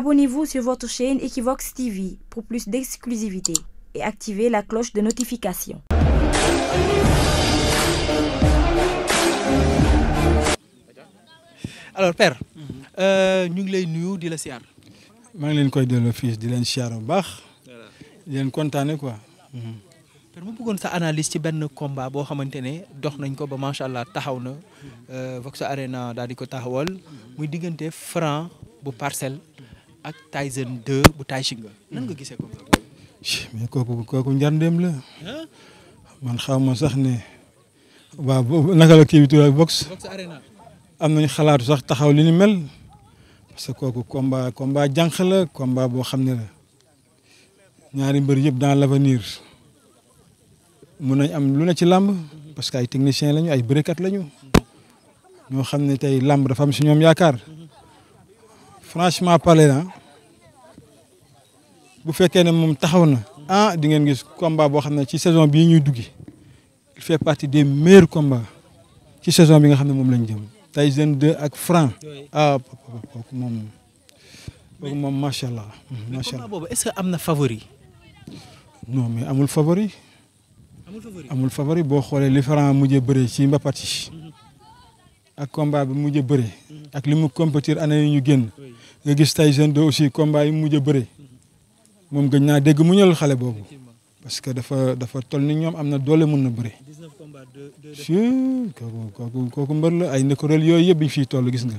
Abonnez-vous sur votre chaîne Equivox TV pour plus d'exclusivité et activez la cloche de notification. alors euh, ñu ngi lay nuyu di la siyaar. maa ngi leen koy delloo di leen siyaar bu baax. di leen kontaane quoi. Mhm. père mu bëggoon sa analyse ci benn combat boo xamante ne dox nañ ko ba macha allah taxaw na euh, Vox Arena daal di ko taxawal muy diggante Franc bu parcelle. ak Tyson bu Tay Shinger ko. mais kooku kooku njarndeem la. man xaw ma sax ne. waaw naka la kii bi tudd box. am nañ xalaatu sax taxaw li ni mel. parce que kooku combat combat jànq la boo xam ne la ñaari mbër yëpp dans l'avenir mun nañ am lu ne ci làmb parce que ay techniciens lañu ay bërekat lañu ñoo xam ne tey lamb dafa am si ñoom yaakaar. franchement parler na bu fekkee ne moom taxaw na ah di ngeen gis combat boo xam ne ci saison bii ñuy duggi il fait partie des meilleurs combats ci saison bi nga xam ne moom lañ jëm Tyson 2 ak Franc ah kooku moom kooku allah. macha allah mais combat boobu est am na favori. non mais amul favori. amul favori amul favori boo xoolee li Franc mujjee bëree ci mbapat yi ak combat bi mujj a bëri ak li mu compétir année yi ñu génn nga gis tay jeune de aussi combat yi mujj a bëri moom gëj naa dégg mu ñël xale boobu parce que dafa dafa toll ni ñoom am na doole mën na bëri si kooku kooku kooku mbër la ay ndëkkoréel yooyu yëpp biñ fiy toll gis nga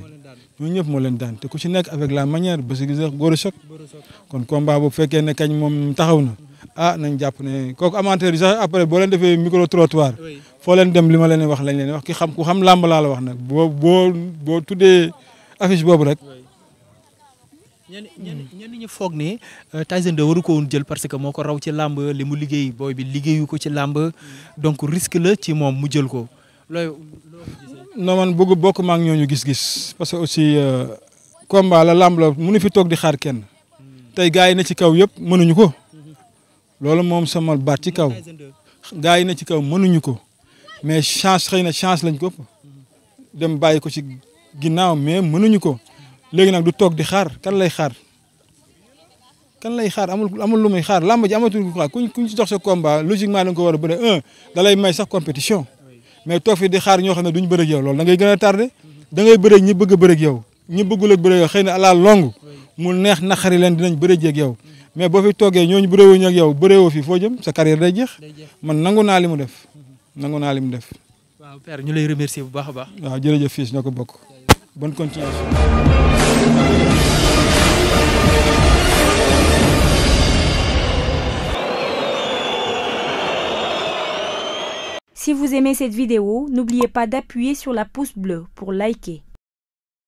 ñoo ñëpp moo leen daan ku ci nekk avec la manière ba si gis kon combat bu fekkee ne kañ moom taxaw na ah nañ jàpp ne kooku amateur yi boo leen defee micro trottoir foo leen dem li ma leen wax lañ leen wax ki xam ku xam làmb laa la wax nag boo boo boo tuddee affiche boobu rek. ñenn ñenn ñenn ñi foog ne euh, Tyson waru ko woon jël parce que moo ko raw ci làmb li mu liggéey booy bi liggéeyu ko ci làmb donc risque la ci moom mu jël ko looy. non bokk ma ñooñu gis-gis parce que aussi euh, combat la làmb la mënu fi toog di xaar kenn hmm. tey gars yi ne ci kaw yëpp mënuñu ko. loolu moom sama baat ci kaw gars yi na ci kaw mënuñu ko mais chance xëy na chance lañ ko dem bàyyi ko ci ginnaaw mais mënuñu ko léegi nag du toog di xaar kan lay xaar kan lay xaar amul amul lu muy xaar làmb ji amatul ko xaar kuñ kuñ ci dox sa combat logiquement da nga ko war a bëre un da lay may sax compétition mais toog fi di xaar ñoo xam ne duñ bëre ak yow da ngay gën a tardé da ngay bëre ñi bëgg yow ñi bëggul ak xëy na à la longue mu neex naqari leen dinañ bëre ak yow mais boo fi toogee ñooñu bëréewuñu ak yow bëréewoo fi foo jëm sa carrière day jeex man nangu naa li def nangu naa li mu def waaw père ñu lay remercier bu baax a baax waaw jërëjëf ko bokk bonne continuation Si vous aimez cette vidéo, n'oubliez pas d'appuyer sur la pouce bleue pour liker.